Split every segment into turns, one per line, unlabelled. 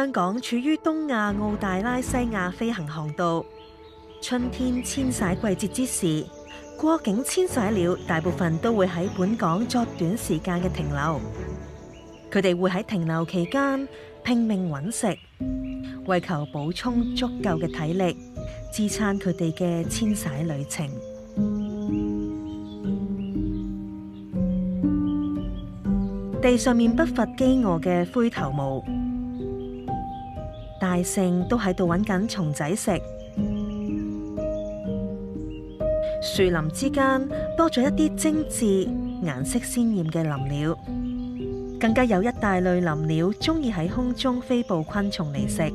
香港處於東亞澳大拉西亞飛行航道，春天遷徙季節之時，過境遷徙鳥大部分都會喺本港作短時間嘅停留。佢哋會喺停留期間拼命揾食，為求補充足夠嘅體力，支撐佢哋嘅遷徙旅程。地上面不乏飢餓嘅灰頭毛。大聖都喺度揾緊蟲仔食，樹林之間多咗一啲精緻、顏色鮮艷嘅林鳥，更加有一大類林鳥中意喺空中飛捕昆蟲嚟食。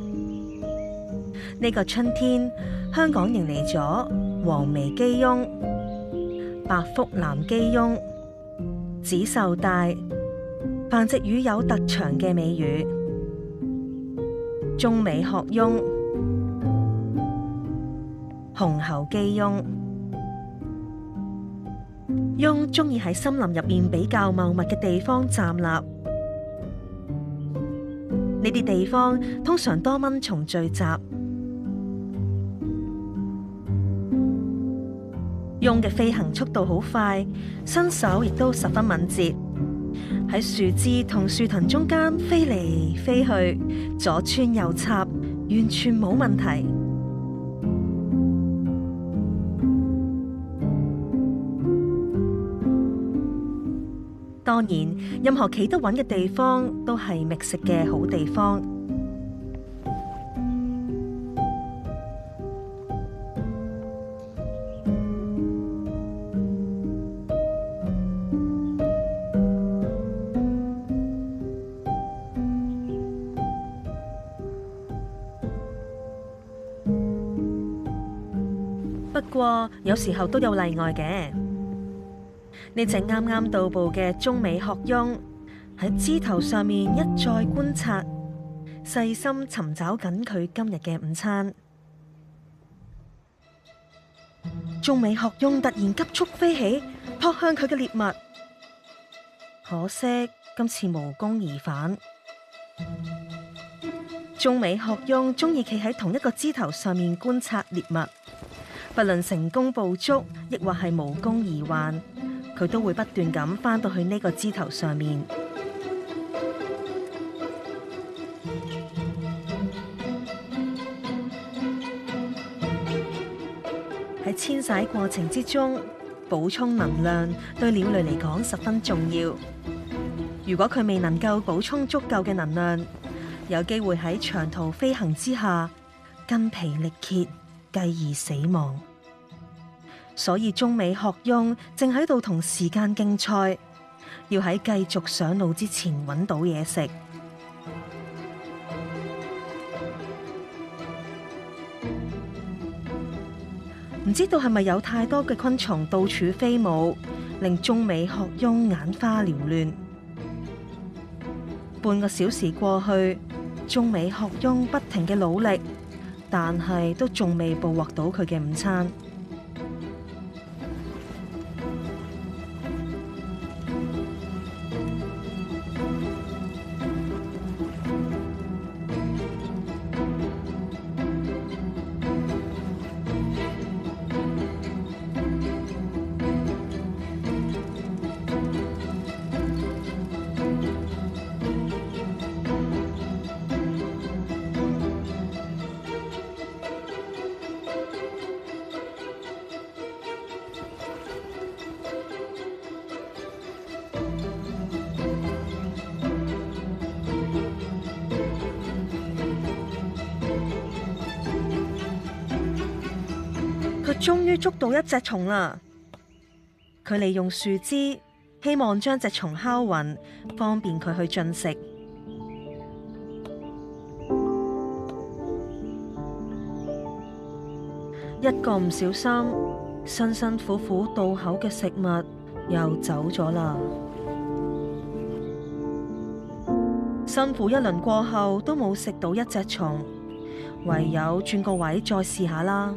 呢個春天，香港迎嚟咗黃眉姬鶲、白腹藍姬鶲、紫綬帶，繁殖羽有特長嘅尾羽。棕尾褐鶲、紅喉姬鶲，鶲中意喺森林入面比較茂密嘅地方站立。呢啲地方通常多蚊蟲聚集。鶲嘅飛行速度好快，身手亦都十分敏捷。喺樹枝同樹藤中間飛嚟飛去，左穿右插，完全冇問題。當然，任何企得穩嘅地方都係覓食嘅好地方。不過有時候都有例外嘅。呢隻啱啱到步嘅棕尾褐鶲喺枝頭上面一再觀察，細心尋找緊佢今日嘅午餐。棕尾褐鶲突然急速飛起，撲向佢嘅獵物，可惜今次無功而返。棕尾褐鶲鍾意企喺同一個枝頭上面觀察獵物。不論成功捕捉，亦或係無功而返，佢都會不斷咁翻到去呢個枝頭上面。喺遷徙過程之中，補充能量對鳥類嚟講十分重要。如果佢未能夠補充足夠嘅能量，有機會喺長途飛行之下筋疲力竭。繼而死亡，所以棕尾褐鶲正喺度同時間競賽，要喺繼續上路之前搵到嘢食。唔知道係咪有太多嘅昆蟲到處飛舞，令棕尾褐鶲眼花繚亂。半個小時過去，棕尾褐鶲不停嘅努力。但係都仲未捕獲到佢嘅午餐。終於捉到一隻蟲啦！佢利用樹枝，希望將隻蟲敲暈，方便佢去進食。 一個唔小心，辛辛苦苦到口嘅食物又走咗啦！辛苦一輪過後，都冇食到一隻蟲，唯有轉個位再試下啦。